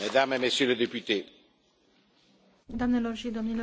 mesdames et messieurs les députés doamnelor și domnilor deputați